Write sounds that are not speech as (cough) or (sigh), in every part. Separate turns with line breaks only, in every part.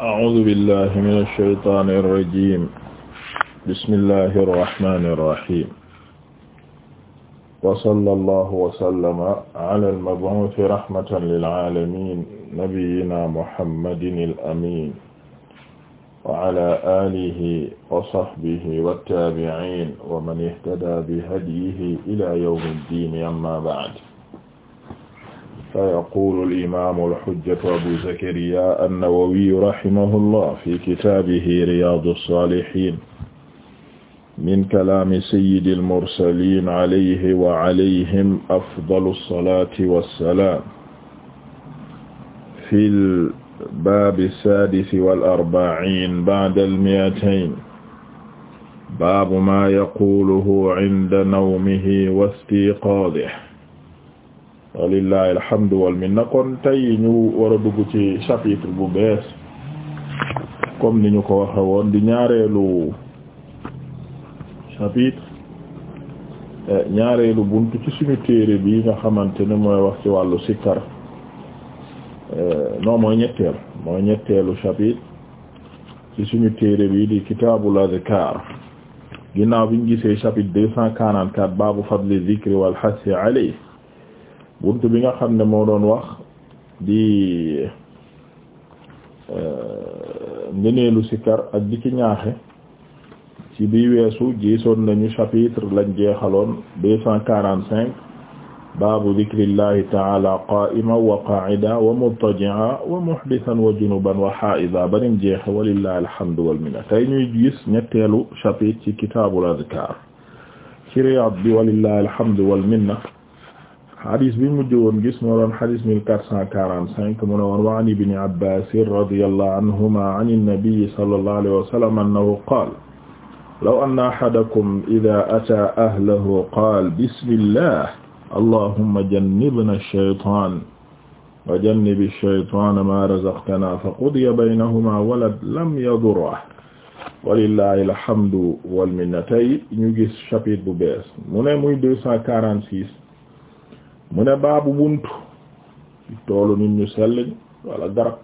أعوذ بالله من الشيطان الرجيم بسم الله الرحمن الرحيم وصلى الله وسلم على المبعوث رحمة للعالمين نبينا محمد الأمين وعلى آله وصحبه والتابعين ومن اهتدى بهديه إلى يوم الدين أما بعد فيقول الإمام الحجة أبو زكريا النووي رحمه الله في كتابه رياض الصالحين من كلام سيد المرسلين عليه وعليهم أفضل الصلاة والسلام في الباب السادس والأربعين بعد المئتين باب ما يقوله عند نومه واستيقاظه walillahi alhamdu wal minna kon tey ñu war a dugg ci chapitre bu bees comme ni ñu ko waxe woon di ñaareelu chapitre eh, ñaareelu bunt ci suñu téere bi nga xamante ni mooy wax ci wàllu sikkar eh, non mooy ñetteel mooy ñetteelu chapitre ci suñu téere bi di kitaabul azkaar ginnaaw biñ gisee chapitre deux cent quarante-quatre baabu fadli zikri wal hassi alayhi buntu bi nga xam ne moo doon wax di euh, ngëneelu sikar ak di ci ñaaxe ci bi weesu gisoon nañu chapitre lañ jeexaloon deux cent quarante cinq baabu dikrillahi taala qaima wa qaida wa mudtajia wa muhdithan wa junuban wa haida banim jeexe walillahi alhamdu walminna tey ñuy gis ñetteelu chapitre ci kitaabul azkar ci Riyad bi walillahi alhamdu walminna xadis bi mujj woon gis moo doon xadis mille quatre cent quarante cinq mu ne woon wa an ibni abbasin radiyallahu anhuma an innabiyi sallallahu alayhi wa sallam annahu qaala law anna ahadakum idaa ataa ahlahu qaala bismillah allahumma jannibna shaytaan wa jannibi shaytaana maa razaqtanaa faqudiya baynahumaa walad lam yadurhu walillahi alhamdu wal minna tey ñu gis chapitre bu bees mu ne muy deux cent quarante six mu ne baabu buntu toolu nit ñu sell wala garab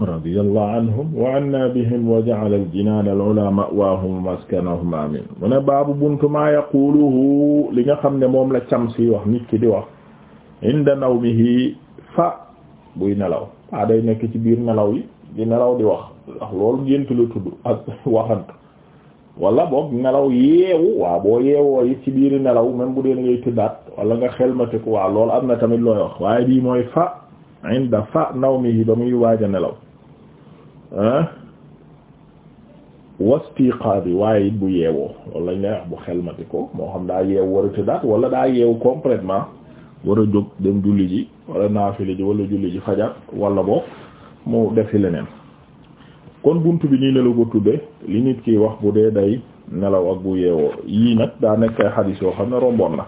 radiyallahu anhum wa anna bihim wa ja'ala al-jinaan al-'ulaa ma'waahum maskanahum amiin mu ne baabu buntu maa yaquluhu li nga xam ne moom la camsi wax nit ki di wax inda nawmihi fa buy nelaw waa day nekk ci biir nelaw yi di nelaw di wax ndax loolu gént la tudd ak (laughs) waxant wala boog nelaw yeewu waaw boo yeewoo it ci biir nelaw même bu dee da ngay tëddaat wala nga xelmatiku waaw loolu am na tamit looy wax waaye bii mooy fa inda fa nawmihi waaj a nelaw ah wastiqaadi waaye it bu yeewoo loolu lañ lay wax bu moo xam daa yeewu war a tëddaat wala daa yeewu complètement war a jóg dem julli ji wala naafili ji wala julli ji fajar wala boog mu defi leneen kon bunt bi nii la la ko tuddee li nit ki wax bu dee day nelaw ak bu yeewoo yii nag daa nekk xadiis yoo xam ne romboon na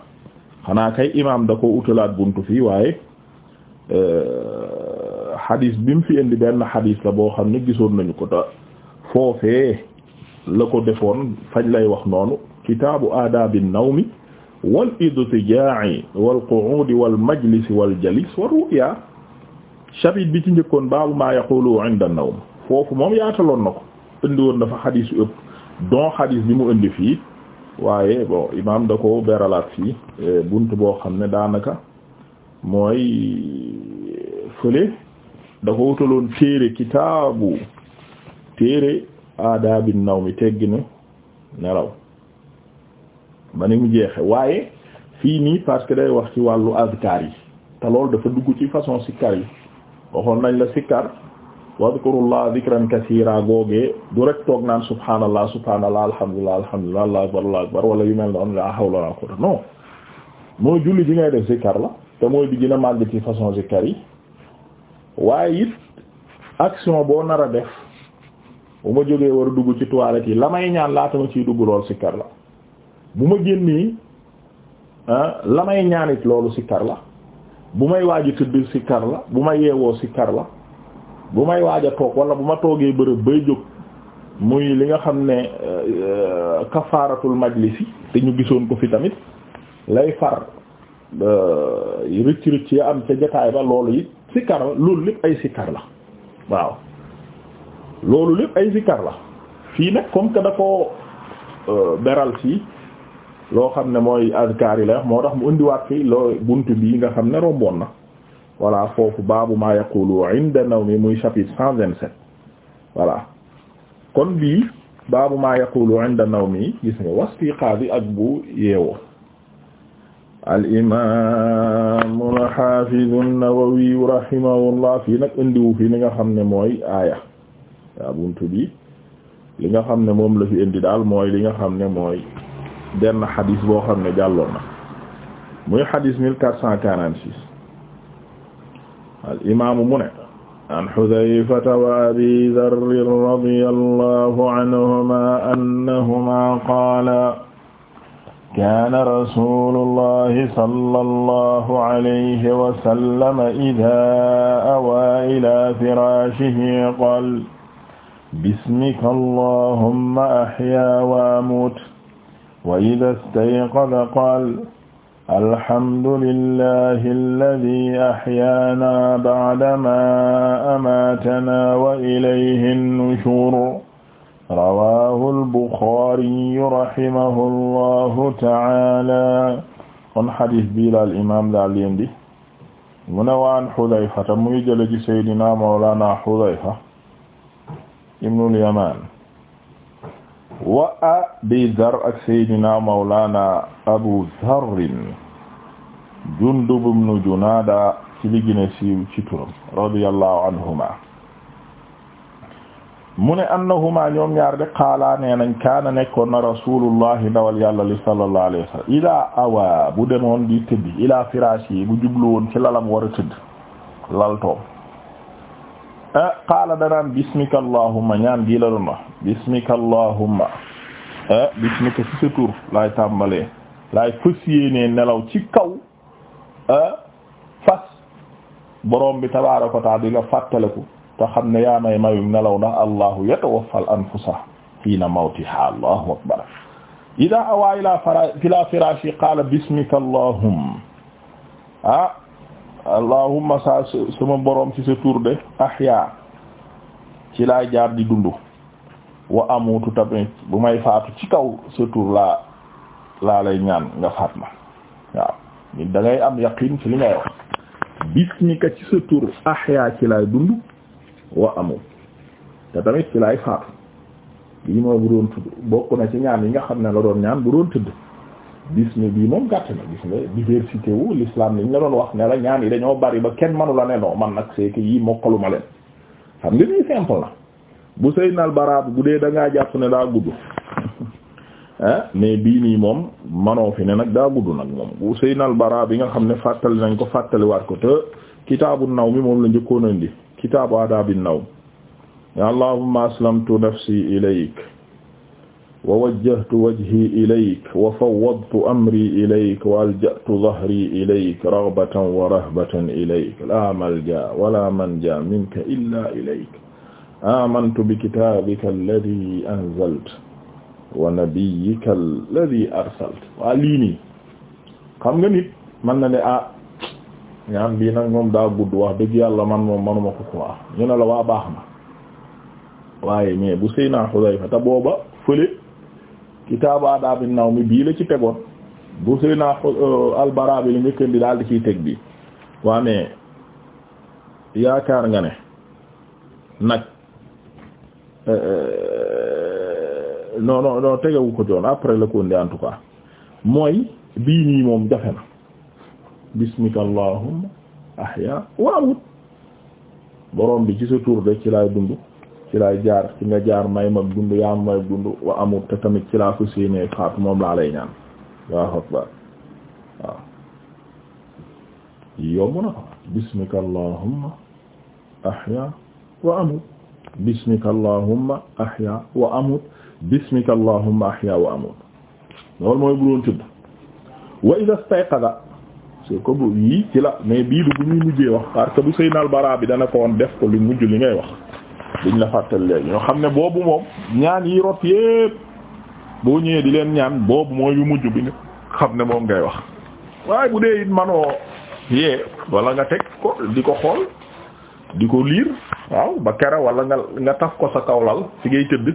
xanaa kay imaam da ko utalaat bunt fii waaye euh, xadiis bi mu fi indi benn xadiis la boo xam ne gisoon nañu ko ta foofee la ko defoon fañ lay wax noonu kitaabu aadaabi nawmi wal idtijaa'i wal qu'uudi wal majlisi wal jalis wa ru'ya chapitre bi ci njëkkoon baabu maa yaqulu 'inda an-nawm foofu moom yaataloon na ko indi dafa na fa xadiis bi mu indi fii waaye bon imaam da ko beralaat fii e, bunt boo xam ne daanaka mooy fële da ko wutaloon téere kitaabu téere aadaabi naw mi tegginu nelaw ba ni mu jeexe waaye fii nii parce que day wax ci wàllu azkar yi te loolu dafa dugg ci façon sikkar yi waxoon nañ la sikkar wadkurullah dhikran kasiira googee du rek toog naan subhaanallah subhaanallah alhamdulillah alhamdulillah wala yu mel noonu la hawla wala quwwata julli ji ngay def zikkar la te mooy bi gën a màgg action boo nar a def bu ma jógee war a dugg ci toilette yi la may ñaan laata ma ciy dugg loolu sikkar la bu ma génnee ah, la may ñaanit loolu sikkar la bu may waaji tëdd sikkar la bu ma yeewoo kar la bu may waaj a toog wala bu ma toogee bërëb bay jóg muy li nga xam ne euh, kafaaratul majlisi te ñu gisoon ko fi tamit lay far euh, rëcc rëcc ya am ca jotaay ba loolu it sikkar la lépp ay sikkar la waaw loolu lépp ay sikkar la fii nag comme que da ko euh, beral si loo xam ne mooy azkaar yi la moo tax mu indiwaat fi loo bunt bii nga xam ne romboon na voilà foofu baabu ma yaqulu inda muy chapitre cent vingt voilà kon bii baabu ma yaqulu inda nawmi gis nga wastiqaadi ak bu yeewoo al imam al hafiz an-Nawawi rahimahullah fii nag indiwu fi li nga xam ne mooy aaya waa buntu bi li nga xam ne moom la fi indi daal mooy li nga xam ne mooy benn xadis boo xam ne jàlloon na muy xadis mille quatre cent quarante alimaamu mu ne an xudayfata wa abi darrin radi allahu aanhuma annahuma qaala kaana rasulullahi sallallahu alayhi wa sallam idaa awaa ilaa firaashihi qaala bismika allahumma ahyaa wa amuutu wa idaa istayqaza qaala alhamdulillahi alladi axyaana bacdamaa amaatanaa wa ilayhi nushuur rawaahu albuxaariyu rahimahu allahu taala kon xadis bii la alimaam daal leen di mu ne waan xudayfata muy jële ci saydina mawlaana xudayfa ibnu lyamaan wa abi dar ak sayyidina mawlana abu zarrin jundub ibnu junaada ci li gën a siiw ci anhuma mu ne annahuma ñoom ñaar de qaala nee nañ kaana nekkoon na rasulullahi ndawal yàlla li sallallahu alayhi wa sallam ila awa bu demoon di tëddi ila firaashi bu jublu woon ci lalam war a lal toom Eh, qaala danaan bismika allahumma ñaan gii la doon wax bismika allahumma eh, bismika ci sa tur laay tàmbalee laay fas yéenee nelaw ci kaw eh, fas borom bi tabaaraka wa taala di la fàttaleku te xam ne yaa may mayum nelaw ndax allahu yatawaffal anfusa hiina mawtiha allahu akbar idaa awaa ilaa firaashi qaala bismika allahumma ah allahumma sa suma boroom ci sa tur de ahya ci laa jaar di dund wa amutu tamit bu may faatu ci kaw sa tur laa laa lay ñaan nga faat ma waaw da am yaqin ci li ngay wax bismika ci sa tur ahya ci laay dund wa amut te tamit ci laay faatu lii mooy bu doon tudd bokk na ci ñaan yi nga xam ne la doon ñaan bu doon tëdd gis ne bii moom gàtt na gis ne diversité wu l'islam lañ la doon wax nela la ñaan yi dañoo bari ba kenn manu la ne non man nag c'est que mokkaluma leen xam nga nii simple na bu sëy nal baraab bu dee da ngaa jàpp ne daa gudd ah (laughs) mais bii nii moom manoo fi ne nag daa gudd nag moom bu sëy nal baraab bi nga xam ne fàttali nañ ko fàttaliwaat ko te kitaabu naw mi moom la njëkkoon andi kitaabu adaabi naw allahumma aslamtu nafsi ilayk wa wajjahtu wajhi ilayk wa fawwadtu amri ilayk wa alja'tu dhahri ilayk raghbatan wa rahbatan ilayk la malja wa la manja minka illa ilayk amantu bi kitabika alladhi anzalta wa nabiyyika alladhi arsalta waa lii nii xam nga nit mën na ne ah ñaan bii nag moom daa gudd wax dëgg yàlla man moom manuma ko quoi ñu ne la waa baax na waaye mais bu sëy naa Xudayfa te booba fële kitaabu adaabi nawmi bii la ci tegoon bu seyna albara bi li njëkkandi daal di ciy teg bi waa mais yaakaar nga ne nag euh, euh, noo non non tegewu ko doon après la ko ndi en tout cas mooy bii nii moom jafe na bismika allahumma ahya waawut borom bi ci sa tur de ci lay dund ci lay jaar ci nga jaar may mag dund yaa may dund wa amut te tamit ci laa fas yéenee faatu moom laa lay ñaan waaw akbar waaw yomb na ko bismika allahumma wa amut bismika allahumma ahya wa wa amut loolu mooy bu doon tudd wa wax parce que bu sëy nal bi dana ko woon def ko li ngay wax biñ la fàttal léegi ñoo xam ne boobu moom ñaan yi rot yépp boo ñëwee di leen ñaan boobu mooy yu mujj bi nga xam ne moom ngay wax waaye bu dee it manoo yee wala nga teg ko di ko xool di ko liir waaw ba kera wala nga nga taf ko sa kawlal fi ngay tëdd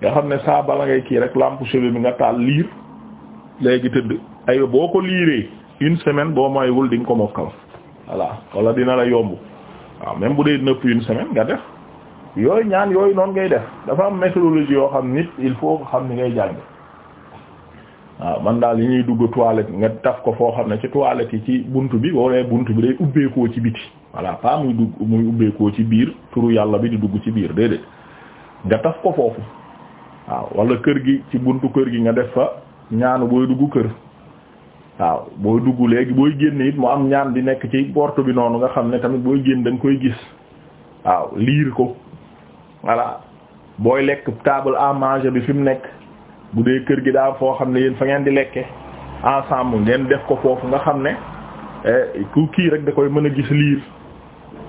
nga xam ne saa bala ngay kii rek lampe chevet bi nga taal liir léegi tëdd ay boo ko liiree une semaine boo moywul di nga ko mokkal voilà wala dina la yomb waaw même bu dee nëpp une semaine nga def yooyu ñaan yooyu noonu ngay def dafa am méthodologie yoo xam nit il faut xam ni ngay jàng man daal yi ñuy dugg toilette nga taf ko foo xam ne ci toilette yi ci bunt bi wala bunt bi day ubbeekoo ci biti voilà pas muy dugg muy ci biir turu yàlla bi di dugg ci biir déedéet nga taf ko foofu waaw wala kër gi ci buntu kër gi nga def fa ñaanu booy dugg kër waaw booy dugg léegi booy génn it mu am ñaan di nekk ci porte bi noonu nga xam ne tamit booy génn da koy gis waaw liir ko voilà booy lekk table en manger bi fi mu nekk bu dee kër gi daal foo xam ne yéen fa ngeen di lekke ensemble ngeen def ko foofu nga xam ne eh, ku kii rek da koy mën a gis liir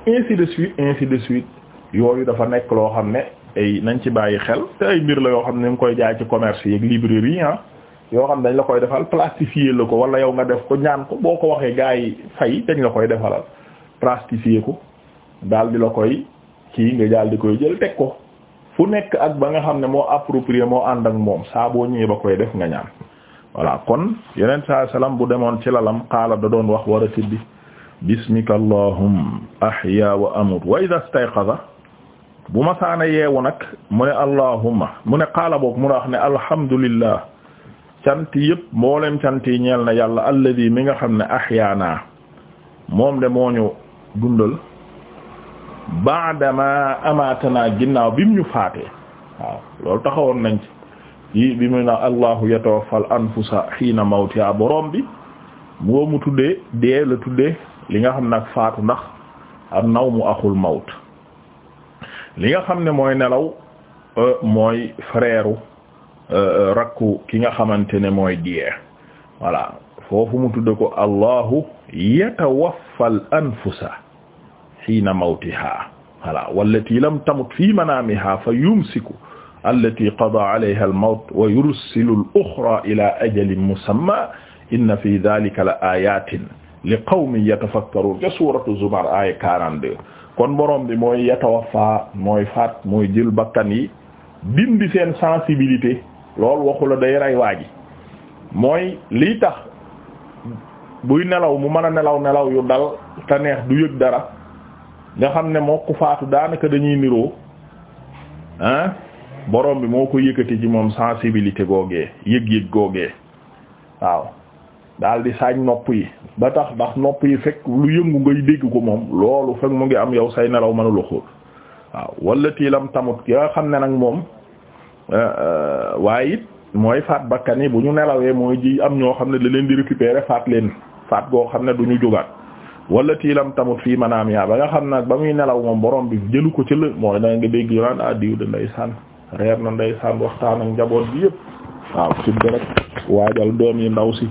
ainsi de suite ainsi de suite yooyu dafa nekk loo xam ne ay nañ ci bàyyi xel te ay mbir la yoo xam ne ñu koy jaay ci commerce yeeg librairie ah yoo xam ne dañ la koy defal plastifier la ko wala yow nga def ko ñaan ko boo ko waxee gars yi fay dañ la koy defalal plastifier ko daal di la koy kii nga daal di koy jël teg ko fu nekk ak ba nga xam ne moo approprié moo ànd ak moom saa boo ñëwee ba koy def nga ñaan voilà kon yeneen saa salaam bu demoon ci lalam xaala da doon wax war a tiddi bismika allahum ahya wa amut wa idha istayqadha bu ma saana yeewu nag mu ne allahumma mu ne xaala boog mu ne wax ne alhamdulillah cant yëpp mboolem cant yi ñeel na yàlla alladi mi nga xam ne ahyaana moom de moo ñu dundal ba'dama amaatana ginnaaw bi mu ñu faate waaw loolu taxawoon nañ ci yi bi mu na allahu yatawaffal anfusa xiina mawtiha borom bi moo mu tuddee dee la tuddee li nga xam nag ak faatu ndax naw mu axul mawt li nga xam ne mooy nelaw euh, mooy frère euh, rakku ki nga xamante ne mooy dee voilà foofu mu tudde ko allahu yatawaffal anfusa xiina mawtiha voilà wallati lam tamut fi manamiha fa yumsiku allati qada alayha almawt wa yursilu al-ukhra ila ajalin musamma inna fi dhalika la ayatin li qawmin yatafakkarun ca suratu zumar aya 42 kon borom bi mooy yatawaffa mooy faat mooy jël bakkan yi dindi seen sensibilité loolu waxu la day rey waaji mooy lii tax buy nelaw mu mën a nelaw nelaw yu dal te neex du yëg dara nga xam ne moo ku faatu daanaka dañuy niroo ah borom bi moo ko yëkkati ci moom sensibilité googee yëg-yëg googee waaw daal di saañ nopp yi ba tax ndax nopp yi fekk lu yëngu ngay dégg ko moom loolu fekk mu ngi am yow say nelaw mënula xóot waaw wala tiilam tamut ki nga xam ne nag moom euh, euh, waaye it mooy faat bakkan yi bu ñu nelawee mooy ji am ñoo xam ne da leen di récupérer faat leen faat goo xam ne du ñu jógaat wala tii lam tamut fii manaam yaa ba nga xam nag ba muy nelaw moom borom bi jëlu ko ci la mooy da nga dégg yu naan ah diw da nday sànn reer na nday sànn waxtaan ak njaboot bi yëpp waaw suddi rek waajal doom yi ndaw si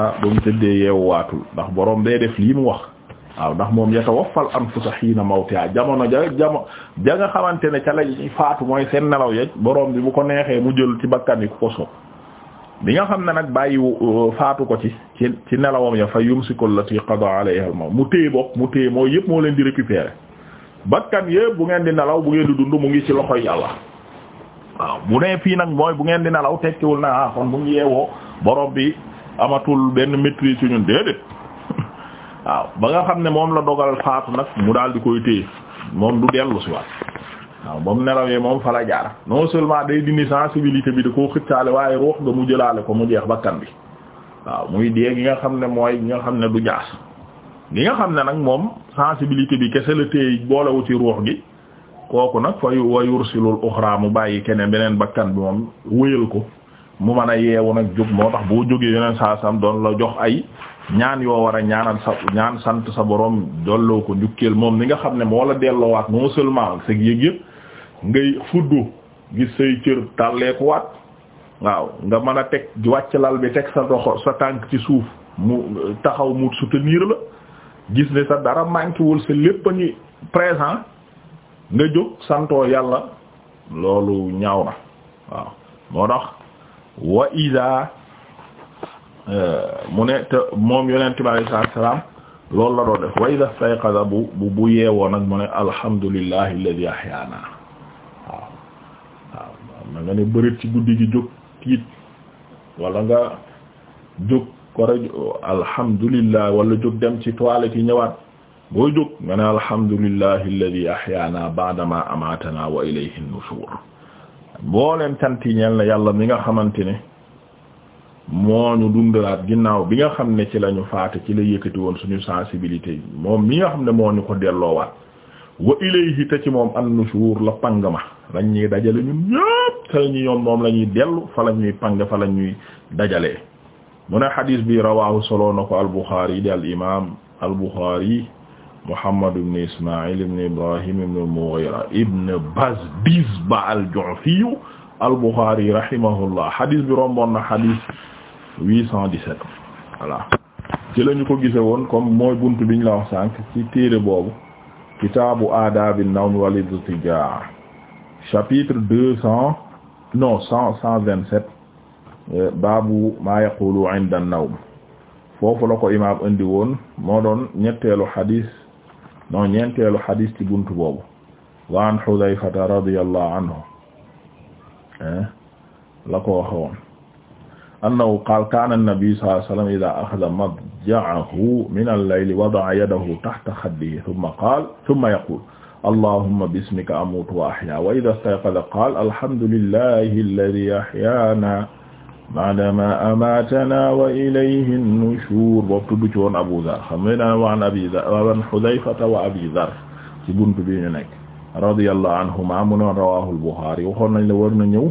ah ba mu tëddee waatul ndax borom day def lii mu wax waaw ndax moom yatawaffal anfusa hiina mawtiha jamono ja jamono ja nga xamante ne ca lay faatu mooy seen nelaw yej borom bi bu ko neexee mu jël ci bakkan ku ko sopp bi nga xam ne nag bàyyi euh, faatu ko ci ci ci nelawam ya fa yumsiku allati qada alayha al mawt mu téye bopp mu téye mooy yëpp moo leen di récupérer bakkan yëpp bu ngeen di nelaw bu ngeen di dund mu ngi ci loxo yàlla waaw bu nee fii nag mooy bu ngeen di nelaw tekkiwul na ah kon bu ñu yeewoo borom bi amatul benn maîtrise ci ñun déedéet (laughs) waaw ba nga xam ne moom la dogal faatu nag mu daal di koy téye moom du dellu si waat waaw ba mu nelawee moom fa la jaar non seulement day dindi sensibilité bi da koo xëccaale waaye ruux nga mu jëlaale ko mu jeex bakkan bi waaw muy dee gi nga xam ne mooy gi nga xam ne du jaas gi nga xam ne nag moom sensibilité bi kese la téye boolewu wuti ruux gi kooku nag fa wa yursilul uxra mu bàyyi keneen beneen bakkan bi moom wëyal ko mu mën a yeewu nag jóg moo tax boo jógee yeneen saa sam doon la jox ay ñaan yoo war a ñaanal sa ñaan sant sa borom dolloo ko njukkeel moom ni nga xam ne moo la delloowaat non seulement ak sa yëg yëpp ngay fuddu gis say cër tàlleeku waat waaw nga mën a teg wàcc lal bi teg sa doxo sa tànk ci suuf mu taxaw mu soutenir la gis ne sa dara manqué wul sa lépp a ni présent nga jóg santoo yàlla loolu ñaaw na waaw moo tax wa iza euh, mu ne te moom yonent bi alayhi salaam loolu la doon def wa iza stayqaza bu bu yeewoo nag mu ne alhamdulillahi alladhi ahyaana waaw am na nga ne bërit ci guddi gi jóg tiit wala nga jóg kore alhamdulillah wala jóg dem ci toilette yi ñëwaat boo jóg nga ne alhamdulillahi alladi ahyaana ba'dama amaatana wa ilayhi nushur boo leen cant yi yàlla mi nga xamante ne moo ñu dundalaat ginnaaw bi nga xam ne ci lañu ñu faate ci la yëkkati woon suñu sensibilité moom mi nga xam ne moo ñu ko delloowaat wa ilayhi te ci moom an-nushur la pang ma lañ ñuy dajale ñun ñëpp te ñi yoon moom la ñuy dellu fa la ñuy pang fa la ñuy dajalee mu ne xadis bi rawahu solo na ko al-Bukhari di al imam al-Bukhari Muhammad ibn Ismaïl ibn Ibrahim ibn al-Mughira ibn Bazdizba al-Ju'fi al-Bukhari rahimahullah xadis bi romboon na xadis 817 voilà ci lañu ko gise woon comme mooy buntu biñ la wax sànq ci téere boobu kitaabu aadaabi nawmi wal idtijaa chapitre deux cent non cent cent vingt sept euh, baabu maa yaqulu inda nawm foofu la ko imaam indi woon moo doon ñetteelu xadis non ñeenteelu xadis ci buntu boobu wa an Xudayfata radiyallahu anhu la ko waxoon annahu qaala kaana an-nabi sallallahu alayhi wa sallam idaa axada mad fajja'ahu min al-layli wada'a yadahu tahta khaddihi thumma qaala thumma yaqulu allahumma bismika amuutu wa ahyaa wa idhaa istayqadha qaala alhamdulillahi alladhii ahyaanaa ba'damaa amaatanaa wa ilayhi an-nushuur boobu tudd ci woon Abu Dharr xam nga daan waan Abi Dharr waan Hudhayfata wa Abi Dharr ci bunt bi ñu nekk radiyallahu anhumaa mu noon rawaahu al-Bukhaari waxoon nañ la war na ñëw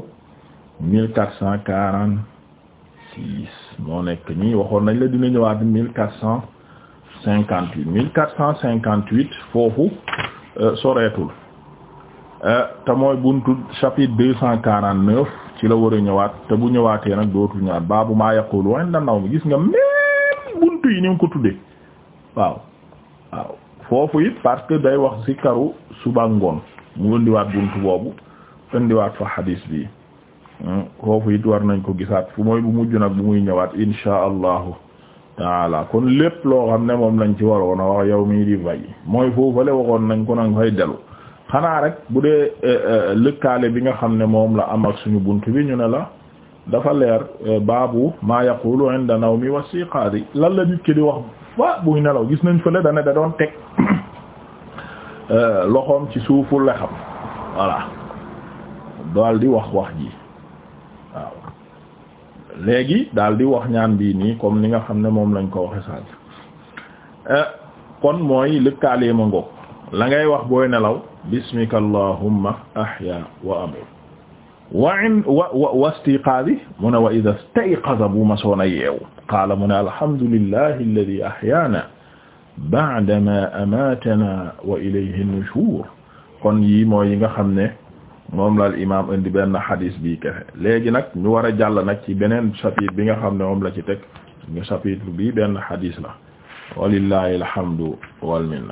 1440 moo nekk nii waxoon nañ la dina ñëwaat mille quatre cent cinquante huit mille quatre cent cinquante huit foofu euh, soreetul euh, te mooy buntu chapitre deux cent quarante neuf ci la war ñëwaat te bu ñëwaatee nag dootul ñëwaat baabu maa yaqulu waaye na mi gis nga même buntu yi ni nga ko tuddee waaw waaw foofu it parce que day wax ci karu suba ngoon mu indiwaat bunt boobu indiwaat fa hadis bi Hmm, foofu it war nañ ko gisaat fu mooy bu mujj nag bu muy ñëwaat insha allahu taala kon lépp loo xam ne moom lañ ci waroon a wax yow mii di vay mooy foofale waxoon nañ ko nañ fay dellu xanaa rek bu dee eh, eh, lëkkaale bi nga xam ne moom la am ak suñu bunt bi ñu ne la dafa leer eh, baabu maa yaqulu inda nawmi lan la nit ki di wax fa buy nelaw gis nañ fële dane da doon teg (coughs) loxoom ci suufu lexam voilà daal di wax wax ji léegi daal di wax ñaan bii nii comme ni nga xam ne moom lañ ko waxe sànq eh, kon mooy lëkkaalee ma ngoog la ngay wax booy nelaw bismika allahumma ahya wa amut wa in wa wa wa istiqaadi mu wa ida stayqada bu ma soon a yeew qaala mu ne alhamdulillahi alladi ahyaana ba'dama amaatana wa ilayhi nushur kon yii mooy yi nga xam ne moom la imaam indi benn xadis bi kefe léegi nag ñu war a jàll nag ci beneen chapitre bi nga xam ne moom la ci teg ñu chapitre bi benn xadis la walillahi alhamdu wal minna